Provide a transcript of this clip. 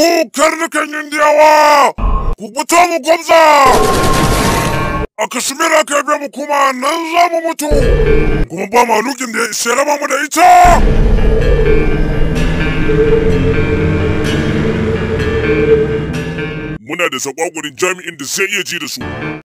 Ku karnukan Indiyawa! Ku fito mu gwamza! A Kashmir mukuma mu kuma nan zamu mutu! Kuma ba malukin da ya ishe mu da ita! Muna da sakwakurin jami'in da zai iya ji da su.